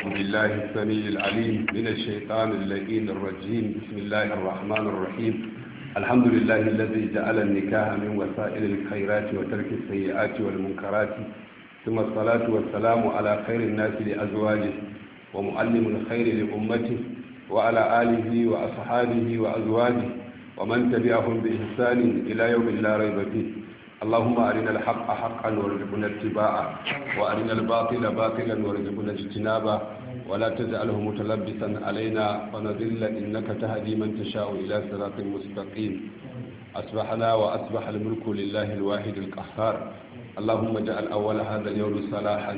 أعوذ بالله السميع العليم من الشيطان اللئيم الرجيم بسم الله الرحمن الرحيم الحمد لله الذي جعل النكاح من وسائل الخيرات وترك السيئات والمنكرات ثم الصلاة والسلام على خير الناس لأزواجه ومعلم الخير لأمته وعلى آله وأصحابه وأزواجه ومن تبعهم بإحسان إلى يوم لا ريب فيه اللهم أرنا الحق حقا وارزقنا اتباعه وأرنا الباطل باطلا وارزقنا اجتنابه ولا تجعله متلبسا علينا فنذل إنك تهدي من تشاء إلى صراط مستقيم أصبحنا وأصبح الملك لله الواحد القهار اللهم اجعل أول هذا اليوم صلاحا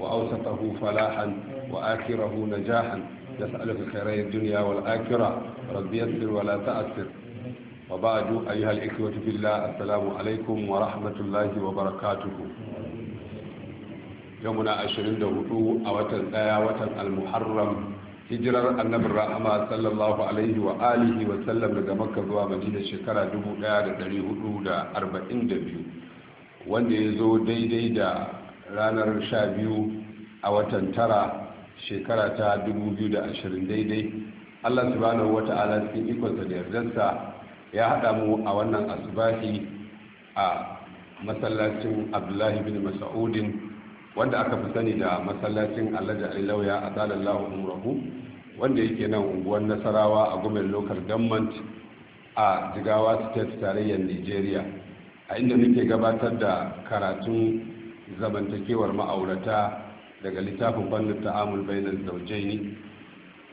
وأوسطه فلاحا وآخره نجاحا نسألك خير الدنيا والآخرة رب يسر ولا تأسر وبعد أيها الإخوة في الله السلام عليكم ورحمة الله وبركاته يومنا عشرين دهوتو أوتن آية وتن المحرم hijirar Annabi rahama sallallahu alaihi wa alihi wa sallam daga makka zuwa madina shekara 1442 wanda ya zo daidai da ranar 12 a watan tara shekara ta 2020 daidai allah subhanahu wa ta'ala cikin ikonsa da yardarsa ya haɗa mu a wannan asibahi a masallacin abdullahi bin Masudin, wanda aka fi sani da masallacin alhaji alilauya a a dalallahu umrahu wanda yake nan unguwar nasarawa a gumin local government a jigawa state tarayyar nigeria a inda muke gabatar da karatun zamantakewar ma'aurata daga littafin fannin ta'amul bainar zaujaini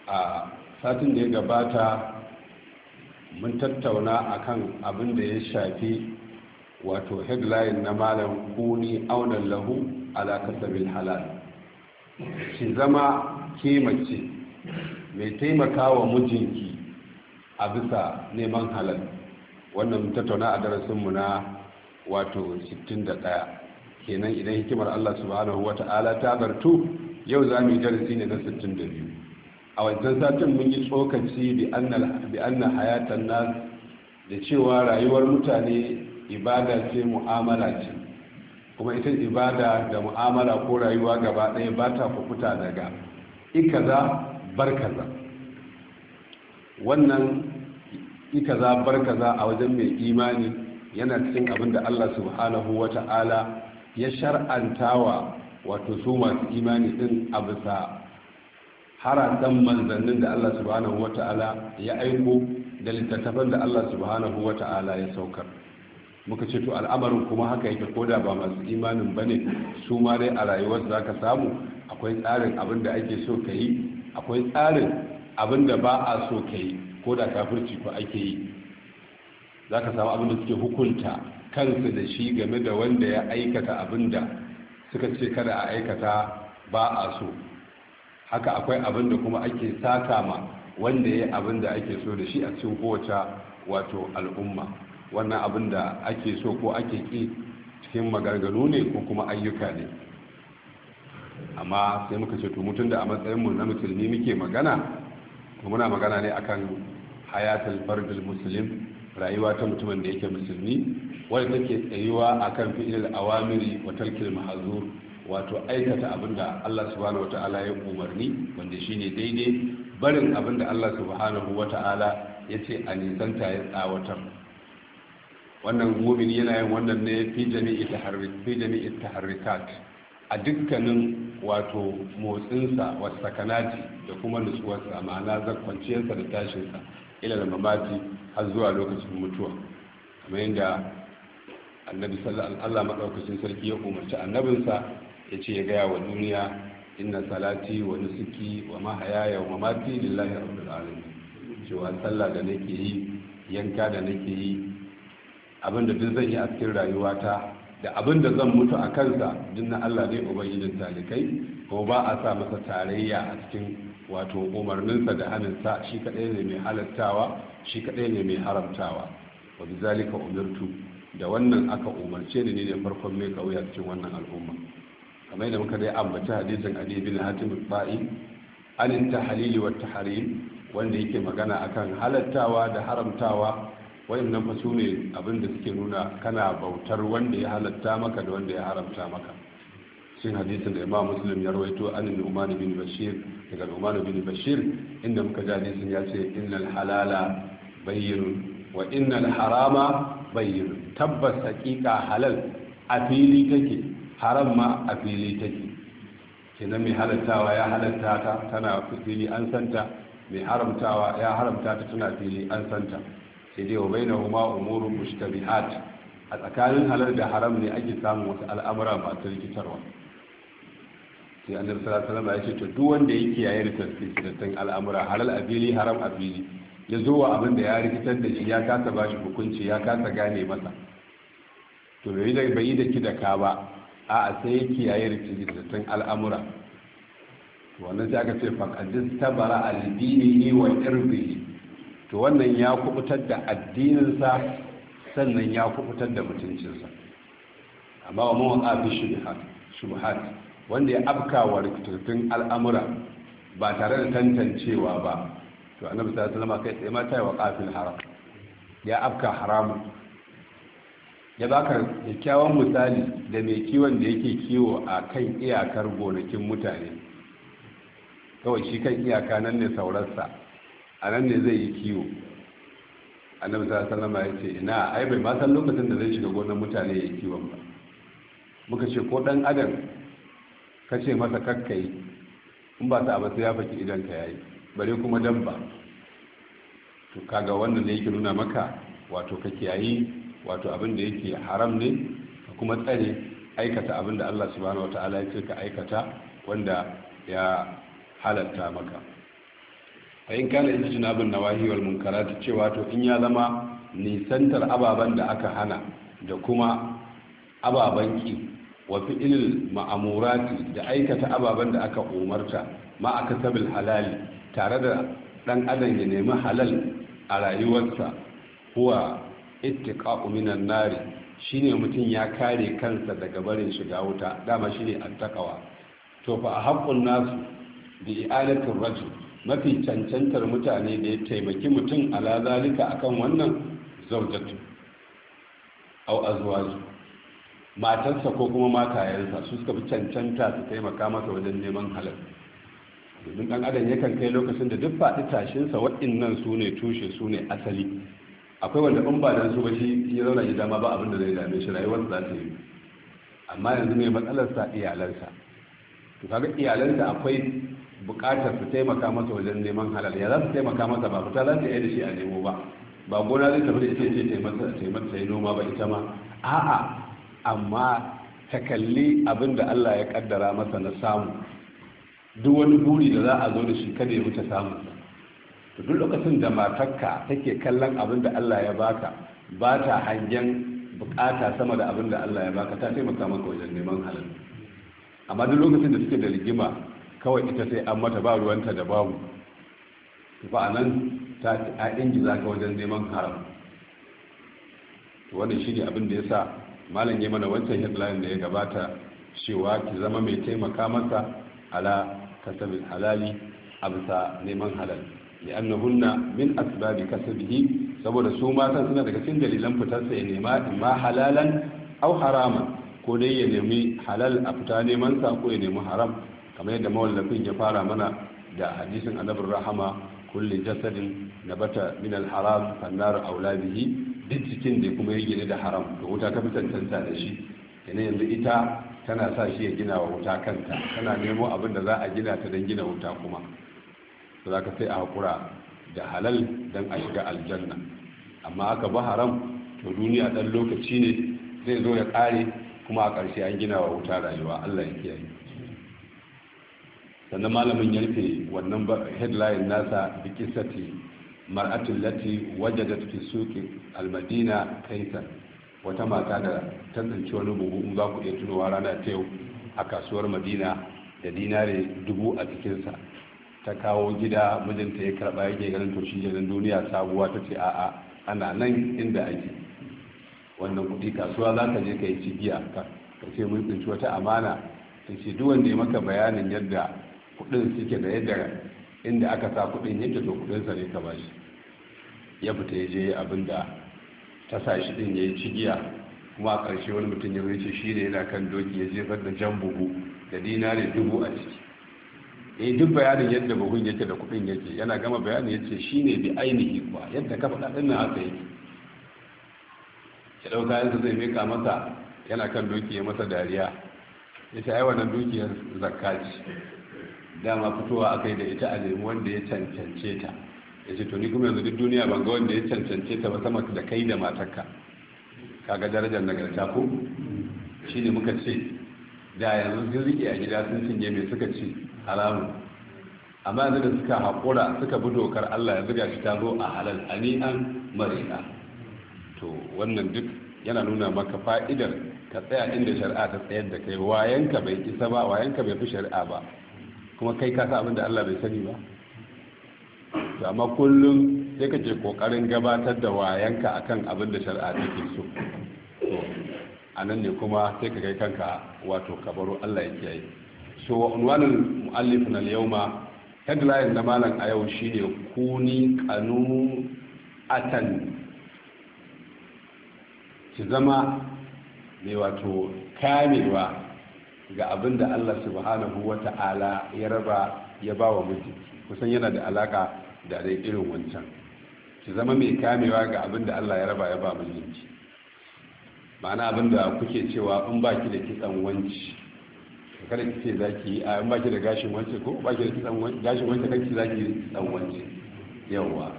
a satin da ya gabata mun tattauna a kan abin da ya shafi wato headline na malam kuni aunan lahu ala sabil halal ki zama ke mai taimaka wa mijinki a bisa neman halal wannan mun tattauna a darasinmu na wato 61 kenan idan hikimar allah subhanahu wa ta'ala ta gartu, yau za mu yi darasi ne na 62 a wajen satin mun yi tsokaci bi anna hayatan nan da cewa rayuwar mutane ibada ce mu'amala ce kuma ita ibada da mu'amala ko rayuwa gaba ɗaya ba ta fukuta daga ikaza barkaza wannan ikaza barkaza a wajen mai imani yana cikin abin da allah subhanahu wa ta'ala ya shar'antawa wato su masu imani din a bisa harasan manzannin da Allah subhanahu ta'ala ya aiko da littattafan da Allah subhanahu ta'ala ya saukar muka ce to al'amarin kuma haka yake koda ba masu imanin bane su ma dai a rayuwar za ka samu akwai tsarin abin da ake so ka yi akwai tsarin abin da ba a so ka yi ko da kafirci ko ake yi za ka samu abin da suke hukunta kansu da shi game da wanda ya aikata abin da suka ce kada a aikata ba a so haka akwai abin da kuma ake saka ma wanda ya abin da ake so da shi a cikin kowace wato al'umma wannan abin da ake so ko ake ki cikin magarganu ne ko kuma ayyuka ne amma sai muka ce to mutum da a matsayinmu na musulmi muke magana to muna magana ne akan hayatul fardul muslim rayuwa ta mutumin da yake musulmi wanda take tsayuwa akan fi'il awamiri wa talkil mahzur wato aikata abinda Allah subhanahu wata'ala ya umarni wanda shine daidai barin abinda Allah subhanahu wata'ala ya ce a nisanta ya tsawatar wannan gomini yana yin wannan ne fi jami'i taharrikat a dukkanin wato motsinsa wasu sakanati da kuma nutsuwarsa ma'ana zakwanciyarsa da tashinsa ila da mamaki har zuwa lokacin mutuwa kamar yadda annabi sallallahu alaihi wasallam sarki ya umarci annabinsa ya ce ya gaya wa duniya inna salati wa nusuki wa mahayaya wa mamati lillahi rabbil alamin cewa sallah da nake yi yanka da nake yi abin da duk zan yi a cikin rayuwata da abin da zan mutu a kansa duk Allah ne ubangijin talikai ko ba a sa masa tarayya a cikin wato umarninsa da haninsa shi kadai ne mai halattawa shi kadai ne mai haramtawa wa bizalika umirtu da wannan aka umarce ni ne farkon mai kauya cikin wannan al'umma kamar yadda muka dai ambaci hadisin ali bin hatim ba'i anin halili wa tahrim wanda yake magana akan halattawa da haramtawa wayannan fa sune abin da suke nuna kana bautar wanda ya halatta maka da wanda ya haramta maka cikin hadisin da imam muslim ya rawaito an nu'man bin bashir daga nu'man bin bashir inda muka ji hadisin ya ce innal halala bayyin wa innal harama bayyin tabbas haqiqa halal a fili take haram ma a fili take kenan mai halattawa ya halatta ta tana fili an santa mai haramtawa ya haramta ta tana fili an santa sai dai wa bainahuma umurun mushtabihat a tsakanin halar da haram ne ake samun wasu al'amura masu rikitarwa sai an sallallahu alaihi ya ce to duk wanda yake yayin tafsirin al'amura halal a fili haram a fili ya zo wa abin da ya rikitar da shi ya kasa ba shi hukunci ya kasa gane masa to bai yi da ki da ka ba a sai ya kiyaye rikicin al'amura wannan sai aka ce faƙadis ta bara albini wa irbi to wannan ya kubutar da addininsa sannan ya kubutar da mutuncinsa amma wa mawa fi shubhat wanda ya afka wa rikicin al'amura ba tare da tantancewa ba to annabi sallallahu alaihi wasallam kai tsaye ma ta yi wa qafil haram ya afka haramun ya baka kyakkyawan misali da mai kiwon da yake kiwo a kan iyakar gonakin mutane kawai shi kan iyaka nan ne saurarsa a nan ne zai yi kiwo annabi sallallahu alaihi ya ce ina ai bai ma san lokacin da zai shiga gonar mutane ya kiwon ba muka ce ko dan adam ka ce masa kakkai in ba ta abasa ya faki idan ka yayi bare kuma dan ba to kaga wannan ne yake nuna maka wato ka kiyayi wato abin da yake haram ne ka kuma tsare aikata abin da Allah subhanahu wataala ya ce ka aikata wanda ya halatta maka a yin kana ita na nawahi wal munkarat cewa to in ya zama nisantar ababen da aka hana da kuma ababen ki wa fi'il ma'amurati da aikata ababen da aka umarta ma aka sabil halali tare da dan adam ya nemi halal a rayuwarsa huwa ittiqa'u minan nari shine mutum ya kare kansa daga barin shiga wuta dama shine attaqawa to fa haqqun nasu bi i'alatir rajul mafi cancantar mutane da ya taimaki mutum ala zalika akan wannan zawjatu aw azwaju matarsa ko kuma matayensa su suka fi cancanta su taimaka masa wajen neman halal domin dan adam yakan kai lokacin da duk faɗi tashinsa waɗannan su ne tushe su ne asali akwai wanda in ba da su ba shi ya zauna gida ma ba abin zai dame shi rayuwar za ta yi amma yanzu mai matsalarsa iyalansa to kaga iyalansa akwai buƙatar su taimaka masa wajen neman halal ya za su taimaka masa ba fita za ta yi da shi a nemo ba ba gona zai tafi da ita ce taimaka ta yi noma ba ita ma a'a amma ta kalli abin da Allah ya kaddara masa na samu duk wani buri da za a zo da shi kada ya wuce samun to duk lokacin da matarka take kallon abin da Allah ya baka ba ta hangen bukata sama da abin da Allah ya baka ta taimaka maka wajen neman halal amma duk lokacin da suke da rigima kawai ita sai an mata ba ruwanta da babu ba anan ta a ingiza ka wajen neman haram to wannan shi ne abin da ya sa malam ya mana wancan headline da ya gabata cewa ki zama mai taimaka masa ala kasabil halali a bisa neman halal annahunna min asbabi kasabihi saboda su matan suna daga cikin dalilan fitarsa ya nema imma halalan au haraman ko dai ya nemi halal a fita neman sa ko ya nemi haram kamar yadda mawallafin ya fara mana da hadisin annabi rahama kulli jasadin nabata min al-haram fannar aula bihi duk cikin da kuma ya gina da haram to wuta ta fitan da shi kenan yanzu ita tana sa shi ya gina wa wuta kanta tana nemo abin da za a gina ta don gina wuta kuma za ka sai a haƙura da halal don a shiga aljanna amma aka ba haram to duniya ɗan lokaci ne zai zo ya ƙare kuma a ƙarshe an gina wa wuta rayuwa allah ya kiyaye sannan malamin ya rufe wannan headline nasa bikisati mar'atul lati wajadat fi suqi almadina kaisar wata mata da ta tsinci wani buhu za ku iya tunowa rana ta yau a kasuwar madina da dinare dubu a cikinsa ta kawo gida mijinta ya karɓa yake ganin to shi duniya sabuwa ta ce a'a ana nan inda ake wannan kuɗi kasuwa za ka je ka yi cigiya ka ce mun tsinci wata amana ta ce duk wanda ya maka bayanin yadda kuɗin suke da yadda inda aka sa kuɗin yadda to kuɗinsa ne ka bashi shi ya fita ya je abin da ta sa shi ɗin ya yi cigiya kuma a ƙarshe wani mutum ya wuce shi ne yana kan doki ya jefar da jan buhu da dinare dubu a ciki eh duk bayanin yadda buhun yake da kudin yake yana gama bayanin yace shine bi ainihi kuwa yadda ka faɗa din nan haka yake ya ɗauka yanzu zai mika masa yana kan doki ya masa dariya ya ce ai wannan dukiyar zakka ce dama fitowa yi da ita a nemi wanda ya cancance ta ya ce to kuma yanzu duk duniya ban ga wanda ya cancance ta ba sama da kai da matarka kaga darajar nagarta ko shine muka ce da yanzu sun rike a gida sun cinye mai suka ce haramun amma yanzu da suka haƙura suka bi dokar allah ya zuga shi ta zo a halal ani'an marina to wannan duk yana nuna maka fa'idar ka tsaya inda shari'a ta tsayar da kai wayanka bai isa ba wayanka bai fi shari'a ba kuma kai ka sa abin da allah bai sani ba to amma kullum sai ka je kokarin gabatar da wayanka akan abin da shari'a take so to a nan ne kuma sai ka kai kanka wato kabaru allah ya kiyaye so unwanin mu'allifin al-yawma headline na malam a yau shine kuni kanu atan ki zama mai wato kamewa ga abin da Allah subhanahu wa ya raba ya ba wa miji kusan yana da alaka da dai irin wancan ki zama mai kamewa ga abinda da Allah ya raba ya ba mijinki ma'ana abin da kuke cewa in baki da kitsan wanci kada ki ce zaki a ba baki da gashin wance ko baki ki da kitsan gashin wance kan ki zaki dan wance yawa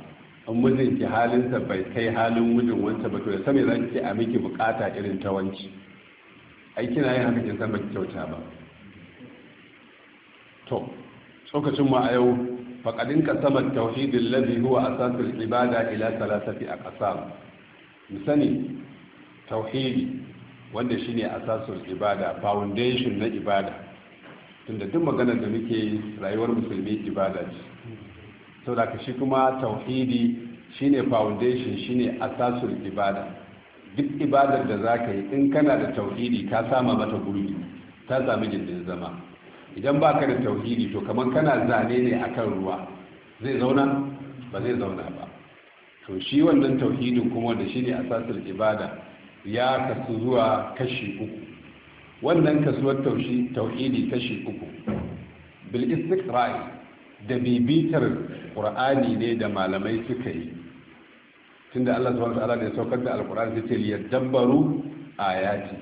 an mijin ki halin sa bai kai halin mijin wance ba to da sami zaki ce a miki bukata irin ta wance ai kina yin haka kin san baki kyauta ba to tsokacin mu a yau faqadin ka at tauhidil ladhi huwa asasul ibada ila salasati aqsam misani tauhidi wanda shine asasul ibada foundation na ibada tunda duk maganar da muke rayuwar musulmi ibada ce sau da shi kuma tauhidi shine foundation ne asasul ibada duk ibadar da za ka yi in kana da tauhidi ka sama mata gurbi ta sami gindin zama idan ba ka da tauhidi to kamar kana zane ne akan ruwa zai zauna ba zai zauna ba to shi wannan tauhidin kuma da shi ne asasul ibada ya kasu zuwa kashi uku wannan kasuwar taushi tauhidi kashi uku bil istiqra'i da bibitar qur'ani ne da malamai suka yi tunda Allah subhanahu wataala da ya saukar da alqur'ani sai ce liyadabbaru ayati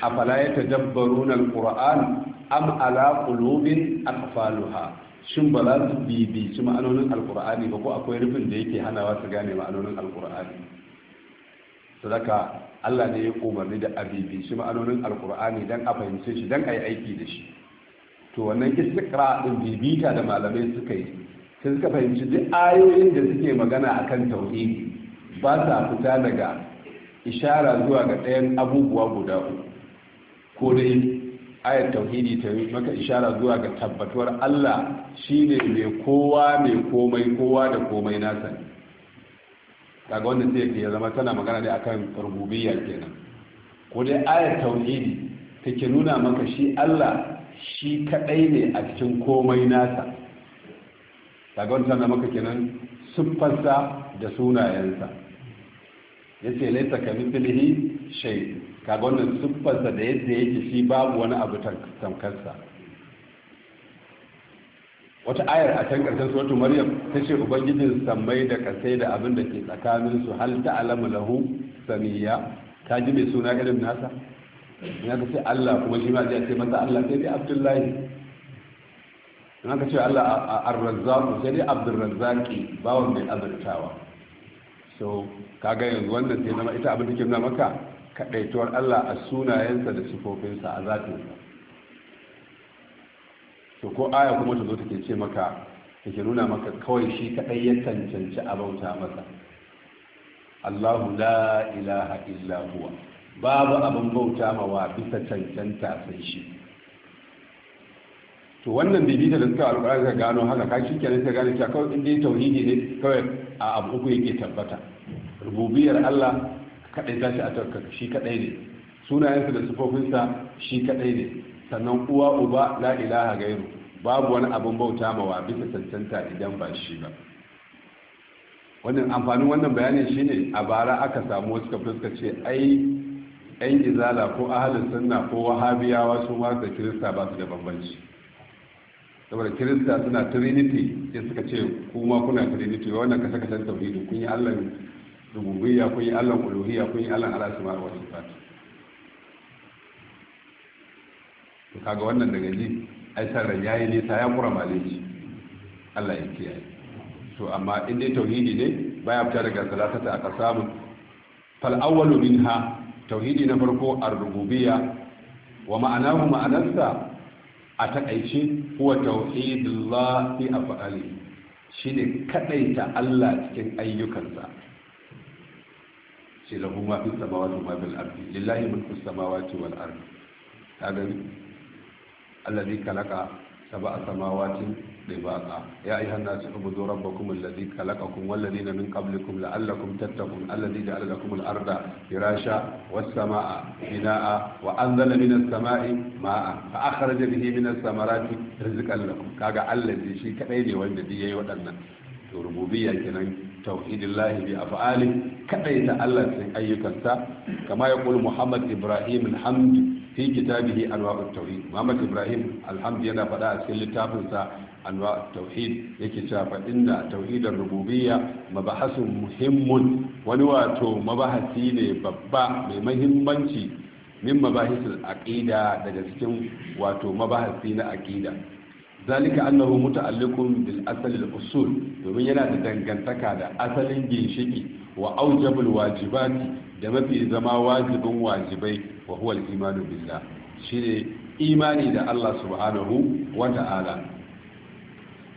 afala yatadabbaruna alqur'an am ala qulubin aqfaluha shin ba za su bibici ma'anonin alqur'ani ba ko akwai rufin da yake hanawa su gane ma'anonin alkur'ani su allah ne ya umarni da abibi shi ma'anonin alkur'ani don a fahimce shi don a yi aiki da shi to wannan istikra din bibita da malamai suka yi sai suka fahimci duk ayoyin da suke magana a kan tauhidi ba sa fita daga ishara zuwa ga ɗayan abubuwa guda ko dai ayar tauhidi ta yi maka ishara zuwa ga tabbatuwar Allah shine mai kowa mai komai kowa da komai nasa ne kaga wannan sai ya zama tana magana ne akan rububiyya kenan ko dai ayar tauhidi take nuna maka shi Allah shi kadai ne a cikin komai nasa kaga wannan tana maka kenan sifarsa da sunayensa yace laita kamithlihi shay kaga wannan siffarsa da yadda yake shi babu wani abu tamkarsa wata ayar a can karshen suratu maryam ta ce ubangijin sammai da kasai da abin da ke tsakanin su hal ta'lamu lahu samiya ka ji mai suna irin nasa ina ka ce Allah kuma shi ma ya ce maza Allah sai dai Abdullahi ina ka ce Allah ar-razzaq sai dai Abdurrazzaqi bawon mai azurtawa so kaga yanzu wannan sai zama ita abin da ke nuna maka kadaituwar Allah a sunayensa da sifofinsa a zatinsa to ko aya kuma ta zo take ce maka take nuna maka kawai shi kadai ya cancanci a bauta masa Allahu la ilaha illa huwa babu abin bauta ma wa bisa cancanta sai shi to wannan bibi da suka alƙur'ani ga gano haka ka shi kenan ta gane cewa kawai inda ya tauhidi ne kawai a abu uku yake tabbata rububiyar Allah kadai za ta a tarka shi kadai ne sunayensa da sufofinsa shi kadai ne sannan uwa uba la ilaha gairu babu wani abin bauta mawa bisa cancanta idan ba shi ba wannan amfanin wannan bayanin shine a bara aka samu wasu ka fuska ce ai yan izala ko ahalin sunna ko wahabiyawa su ma da kirista ba su da bambanci saboda kirista suna trinity sai suka ce kuma kuna trinity wannan kasa kasan tauhidi kun yi allah rububiyya kun yi allah uluhiyya kun yi allah ala asma'i wa sifat to kaga wannan daga ji ai san ran yi nisa ya kura malici Allah ya kiyaye to amma in dai tauhidi ne baya fita daga salatata aka samu fal awwalu minha tauhidi na farko ar-rububiyya wa ma'anahu ma'anarsa a takaice huwa tauhidullah fi af'ali shine kadaita Allah cikin ayyukansa shi lahu ma fi samawati wa ma fil ardi lillahi mulku samawati wal ardi kaga allazi khalaqa sab'a samawatin dibaqa ya ayyuhan nasu ubudu rabbakum allazi khalaqakum wal ladina min qablikum la'allakum tattaqun allazi ja'ala lakum al-arda firasha was samaa binaa wa anzala minas samai ma'a fa akhraja bihi minas samarati rizqan lakum kaga allazi shi kadai ne wanda duk yayi waɗannan to rububiyya kenan tauhidillahi bi af'ali kadai ta Allah cikin ayyukansa kama ya kulu Muhammad Ibrahim al fi kitabihi anwa'ut tauhid Muhammad Ibrahim alhamdu yana faɗa a cikin littafinsa anwa'ut tauhid yake cewa fa inna tauhidar rububiyya mabahasun muhimmun wani wato mabahasi ne babba mai muhimmanci min mabahisul aqida daga cikin wato mabahasi na aqida zalika annahu muta'alliqun bil asl al usul domin yana da dangantaka da asalin ginshiki wa aujabul wajibati da mafi zama wajibin wajibai wa huwa al imanu billah shine imani da Allah subhanahu wa ta'ala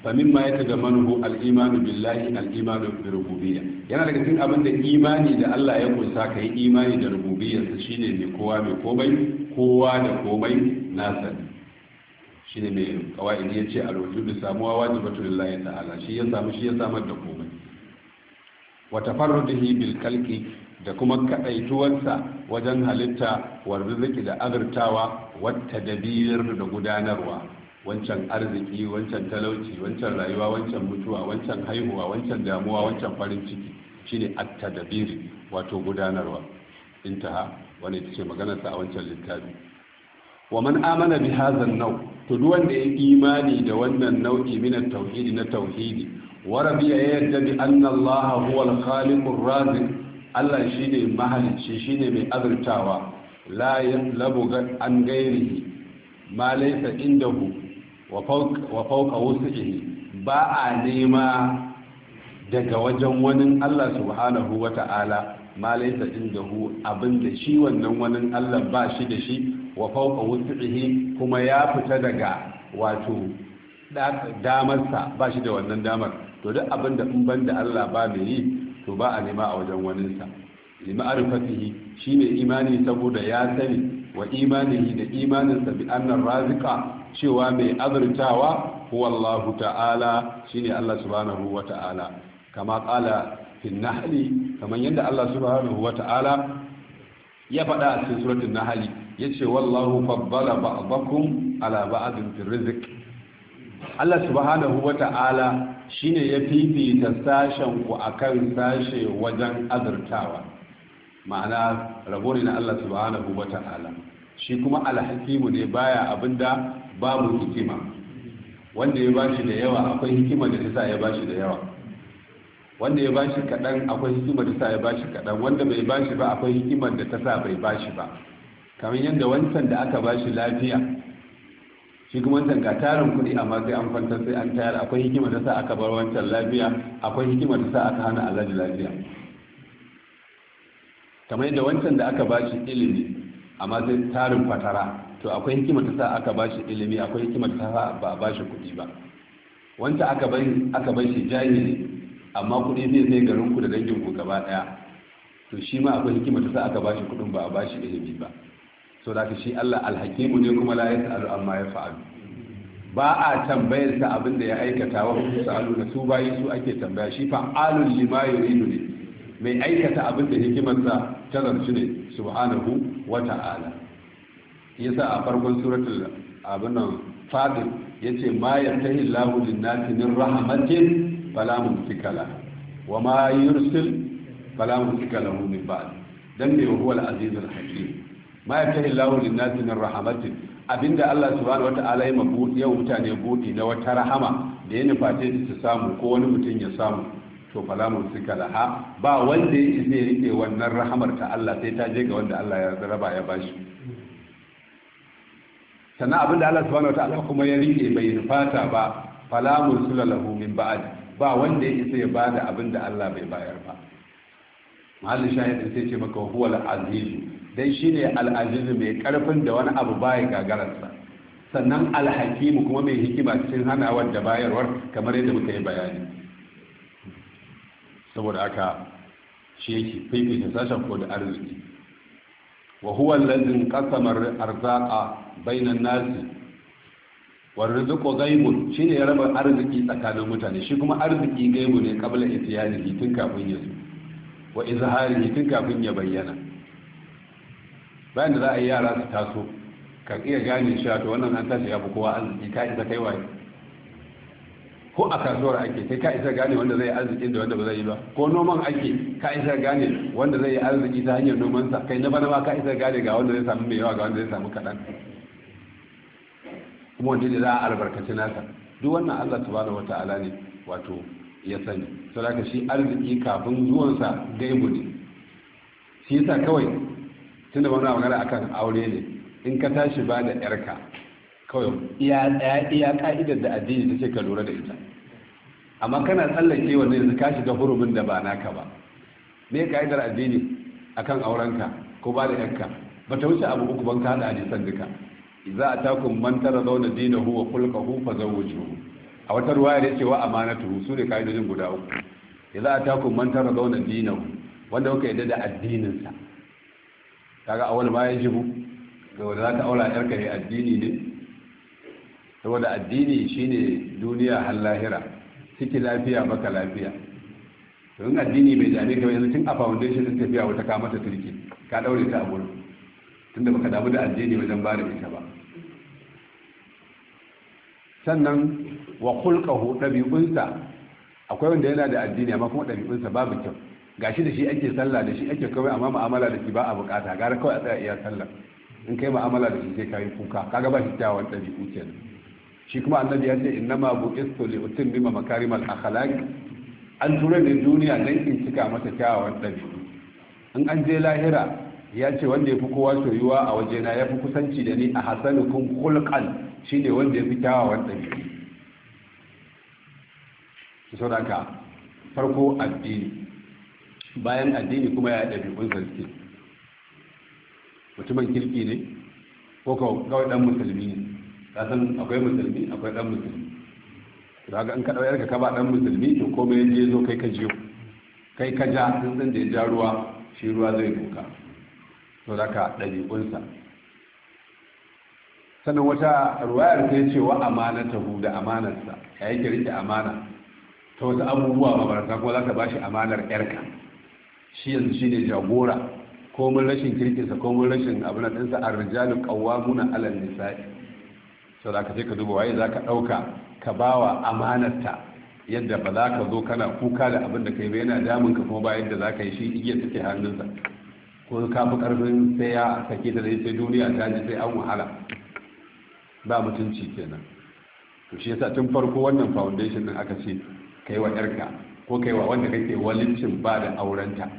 فمما يتضمنه الايمان بالله الايمان بالربوبيه yana daga cikin abin da imani da Allah ya kunsa kai imani da rububiyarsa shine ne kowa mai komai kowa da komai nasa shi ne mai kawai ya ce bi samuwa wajibatu lillahi ta'ala shi ya samu shi ya samar da komai wa tafarrudihi bil kalki da kuma kadaituwarsa wajen halitta wa rizqi da azurtawa wa tadabir da gudanarwa wancan arziki wancan talauci wancan rayuwa wancan mutuwa wancan haihuwa wancan damuwa wancan farin ciki shine at-tadabir wato gudanarwa intaha wani ce maganarsa a wancan littafi wa man amana bi hadha nau to duk wanda ya imani da wannan nau'i min at-tauhid na tauhidi wa rabiya ya yadda bi anna Allah huwa al-khaliqur raziq Allah shine mahalicci shine mai azurtawa la yalabu an gairihi ma laysa indahu wa wa ba a nema daga wajen wani Allah subhanahu wa ta'ala ma laysa indahu abinda shi wannan wani Allah ba shi da shi wa fauka wutsihi kuma ya fita daga wato damarsa ba shi da wannan damar to duk abin da in banda Allah ba mai yi to ba a nema a wajen waninsa lima'arifatihi shine imani saboda ya sani wa imanihi da imaninsa bi razika cewa mai azurtawa huwa Allah ta'ala shine Allah subhanahu wa ta'ala kama qala fi nahli kaman yadda Allah subhanahu wa ta'ala ya faɗa a cikin hali ya ce wallahu faddala ba'dakum ala ba'din fil rizq Allah ta'ala shi ne ya fifita sashen ku a kan sashe wajen azurtawa ma'ana rabo ne na Allah subhanahu ta'ala shi kuma alhakimu ne baya abinda babu hikima wanda ya bashi da yawa akwai hikima da ta sa ya bashi da yawa wanda ya bashi kaɗan akwai hikimar da sa ya bashi kaɗan wanda bai bashi ba akwai hikimar da ta sa bai bashi ba kamar yadda wancan da aka bashi lafiya shi kuma wancan ga tarin kuɗi amma sai an fanta sai an tayar akwai hikimar da sa aka bar wancan lafiya akwai hikimar da sa aka hana alhaji lafiya kamar yadda wancan da aka bashi ilimi amma sai tarin fatara to akwai hikimar da sa aka bashi ilimi akwai hikimar da sa ba bashi kuɗi ba wancan aka bai aka shi jahili amma kuɗi zai sai garin ku da dangin ku gaba ɗaya to shi ma akwai hikima ta sa aka bashi kuɗin ba a bashi ilimi ba so da shi Allah alhakimu ne kuma la yasalu amma ya fa'alu ba a tambayar sa abin da ya aikata wa su sa'alu na su bayi su ake tambaya shi fa'alu lima yuridu ne mai aikata abin da sa ta zarci ne subhanahu wa ta'ala yasa a farkon suratul abin nan fadil yace ma yatahi lahu linnati min rahmatin fala mumsika la wa ma yursil fala mumsika lahu min ba'd dan ne huwa al-aziz al-hakim ma yatahi Allahu lin-nasi min rahmatin abinda Allah subhanahu wata'ala ya mabudi yau mutane budi na wata rahama da ya nufate su samu ko wani mutum ya samu to fala mumsika laha ba wanda ya zai rike wannan rahamar ta Allah sai ta je ga wanda Allah ya raba ya bashi sannan abinda Allah subhanahu wata'ala kuma ya rike bai fata ba fala mursula lahu min ba'd ba wanda ya isa ya bada abin da Allah bai bayar ba mahallin shahidin sai ce maka huwal azizu dai shine al'azizu mai karfin da wani abu baya gagararsa sannan alhakimu kuma mai hikima cikin hanawar da bayarwar kamar yadda muka yi bayani saboda aka shi yake fifita sashen ko da arziki wa huwa ƙasamar qasama arzaqa bainan nasi warzuqu gaibun shine ya raba arziki tsakanin mutane shi kuma arziki gaibu ne kabla itiyanihi tun kafin ya zo wa izhari tun kafin ya bayyana bayan da za a yi yara su taso ka iya gane shi to wannan an tashi ya fi kowa arziki ka isa kai waye ko a kasuwar ake kai ka isa gane wanda zai arziki da wanda ba zai yi ba ko noman ake ka isa gane wanda zai yi arziki ta hanyar nomansa kai na bana ba ka isa gane ga wanda zai samu mai yawa ga wanda zai samu kaɗan kuma wanda ne za a albarkaci nasa duk wannan allah subhanahu wata'ala ne wato ya sani saboda shi arziki kafin zuwansa gaibu ne shi yasa kawai tun da wani magana akan aure ne in ka tashi ba da yarka kawai iya ka'idar da addini ta ce ka lura da ita amma kana tsallake wanda yanzu ka shiga hurumin da ba naka ba me ka'idar addini akan aurenka ko ba da yarka ba ta wuce abu uku ban ka hada hadisan duka za a takun mantara zaune zauna dina huwa kulka hu fa wuce a wata ruwa ya ce wa amanatu su ne kaidojin guda uku ya za a takun mantara zaune zauna dina wanda kuka yadda da addininsa sa kaga awal ma yajibu ga wanda za ta aura yarka ne addini ne saboda addini shine duniya har lahira ciki lafiya baka lafiya to in addini bai dame ka yanzu tun a foundation din tafiya wata kamata turki ka ɗaure ta a gurin tunda baka damu da aljini wajen ba ita ba sannan wa kulkahu ɗabi'unsa akwai wanda yana da addini amma kuma ɗabi'unsa babu kyau gashi da shi ake sallah da shi ake kawai amma ma'amala da shi ba a bukata gara kawai a tsaya iya sallah in kai mu'amala da shi sai kayi kuka kaga ba shi wani ɗabi'u kenan shi kuma annabi ya ce innama buqistu li makarim al akhlaq an tura ne duniya dan in cika mata kyawawan ɗabi'u in an je lahira ya ce wanda ya fi kowa soyuwa a wajena ya fi kusanci da ni a kulkan shi ne wanda ya fi kyawawan ɗabi'u sauraka farko addini bayan addini kuma ya ɗabi'un sarki mutumin kirki ne ko kawai ɗan musulmi ne kasan akwai musulmi akwai ɗan musulmi da ga an ka ɗauyar ka ba ɗan musulmi to komai ya je zo kai ka jiyo kai ka ja sun da ya ja ruwa shi ruwa zai doka to daga ɗabi'unsa sannan wata ruwayar ta ce wa hu da amanarsa ya yake rike amana ta wasu abubuwa mabarata kuma za ka ba shi amanar yarka shi yanzu shi ne jagora komin rashin kirkinsa komin rashin abin da ɗinsa a rijali ƙawamuna alal nisa'i sau da ka ka duba waye za ka ɗauka ka ba wa amanarta yadda ba za ka zo kana kuka da abin da yi ba yana damun ka kuma ba yadda za ka yi shi iya take hannunsa ko ka fi karfin sai ya sake ta sai duniya ta ji sai an wahala ba mutunci kenan to shi yasa tun farko wannan foundation din aka ce kai wa yarka ko kai wa wanda kake walincin ba da aurenta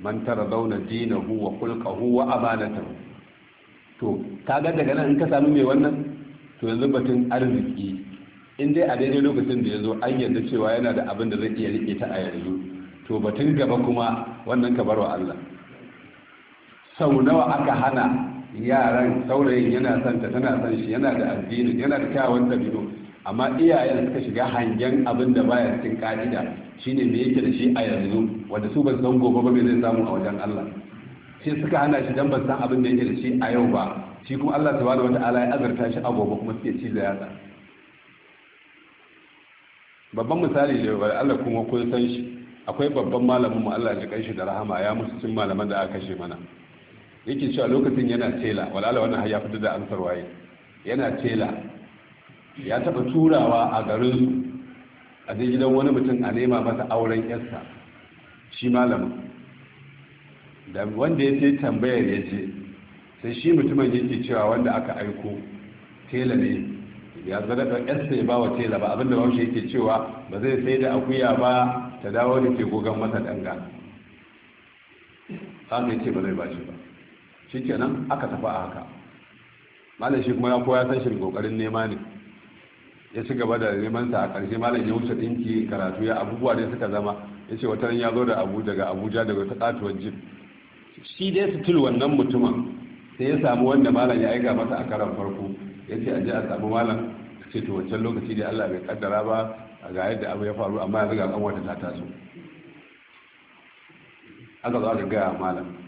man tara zauna dinahu wa khulqahu wa amanatahu to kaga daga nan in ka samu mai wannan to yanzu batun arziki in dai a daidai lokacin da ya zo an yarda cewa yana da abin da zai iya rike ta a yanzu to batun gaba kuma wannan ka barwa Allah sau nawa aka hana yaran saurayin yana son ta tana son shi yana da addini yana da kyawun dabi'u amma iyayen suka shiga hangen abin da baya cikin ka'ida shine me yake da shi a yanzu wanda su ban san gobe ba me zai samu a wajen Allah shi suka hana shi dan ban san abin da yake da shi a yau ba shi kuma Allah subhanahu wataala ya azurta shi a gobe kuma suke ci da yatsa babban misali da bari Allah kuma kun san shi akwai babban malamin mu Allah ya kai shi da rahama ya musu cin malaman da aka kashe mana yake cewa lokacin yana tela walala wannan ya fitar da amsar waye yana tela ya taba turawa a garin su a je gidan wani mutum a nema masa auren yarsa shi malama. da wanda ya sai tambayar ya ce, sai shi mutumin yake cewa wanda aka aiko tela ne ya zara da yarsa ya bawa tela ba abinda ba shi yake cewa ba zai sai da akuya ba ta dawo da ke gogon masa danga haka ce ba zai ba shi ba shikenan aka tafi a haka malam shi kuma ya koya san shi kokarin nema ne ya ci gaba da neman sa a ƙarshe malam ya wuce dinki karatu ya abubuwa dai suka zama ya ce wata ya zo da abu daga abuja daga ta katuwar jin shi dai su sitil wannan mutumin sai ya samu wanda malam ya aika masa a karan farko ya ce a a samu malam ce to wancan lokaci dai allah bai kaddara ba ga yadda abu ya faru amma yanzu ga wata ta taso aka zo aka gaya malam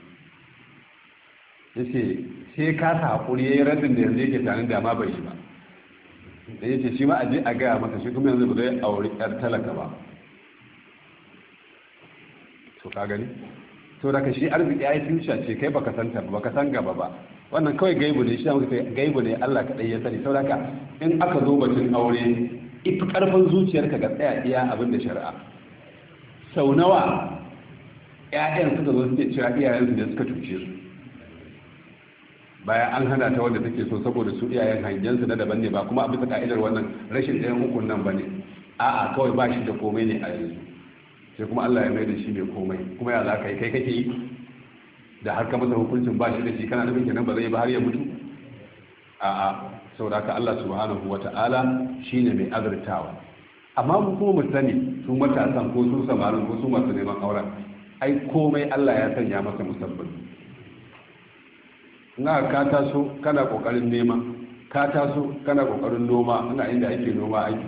ya ce sai ka sa haƙuri ya yi raddin da yanzu yake tanin dama bai yi ba da ya ce shi ma aje a gaya mata shi kuma yanzu ba zai auri ƴar talaka ba to ka gani to daga shi arziki ya yi future ce kai baka san ta ba baka san gaba ba wannan kawai gaibu ne shi da kai gaibu ne Allah kaɗai ya sani saboda in aka zo batun aure ifi karfin zuciyarka ga tsaya iya abin da shari'a sau nawa 'ya'yan suka zo suke cewa iyayen su ne suka cuce su bayan an hana ta wanda take so saboda su iyayen hangensu na daban ne ba kuma a bisa ka'idar wannan rashin ɗayan hukun nan ba ne a'a kawai ba shi da komai ne a yanzu sai kuma allah ya mai da shi mai komai kuma ya za ka yi kai kake yi da har ka masa hukuncin ba shi da shi kana nufin kenan ba zai ba har ya mutu a'a saboda haka allah subhanahu wa ta'ala shi ne mai azurtawa amma mu kuma mu sani su matasan ko su samarin ko su masu neman auren ai komai allah ya sanya masa musabbabi na ka taso kana kokarin nema ka taso kana kokarin noma ina inda ake noma ake